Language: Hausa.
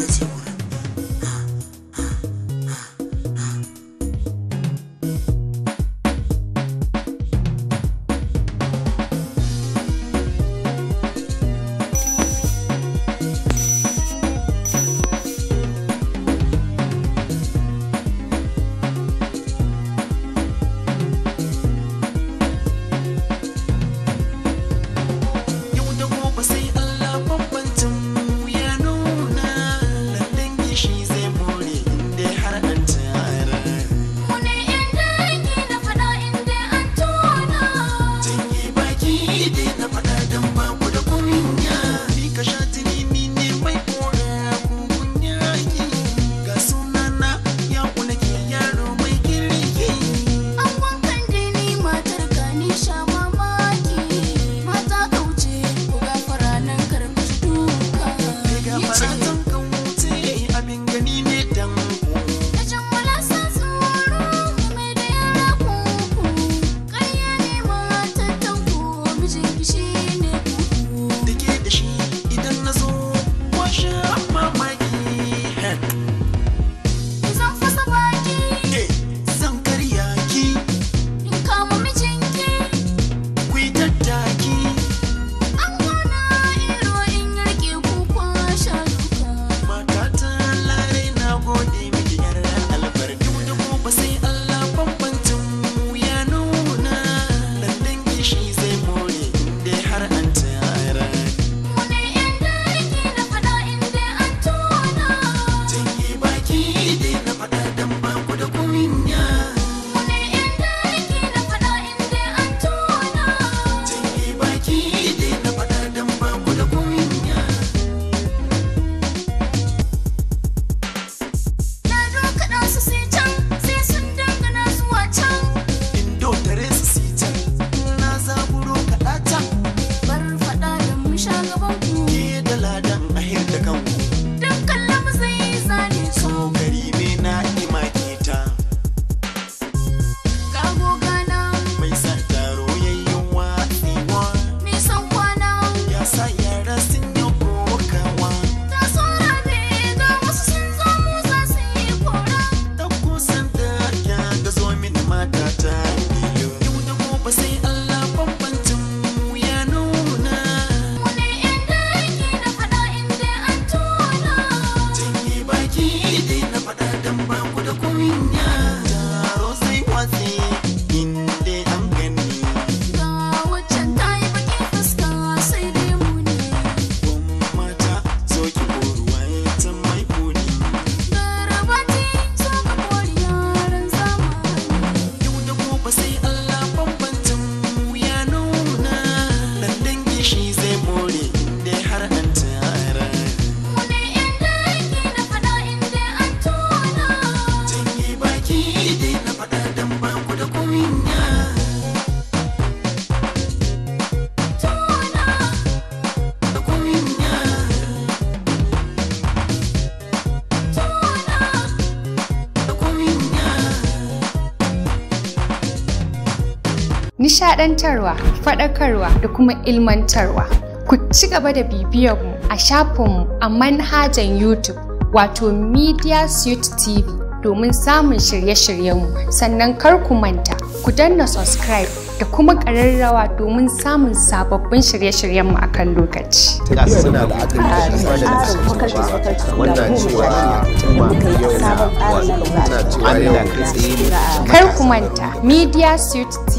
with you. nishadantarwa, faɗakarwa da kuma ilmantarwa. Ku ci gaba da bibiyarmu a shafinmu a manhajan YouTube wato Media Suite TV. domin samun shirye-shiryenmu sannan kar ku manta ku danna subscribe da kuma ƙararrawa domin samun sababbin shirye-shiryenmu a kan lokaci. Kar ku manta, Media Suit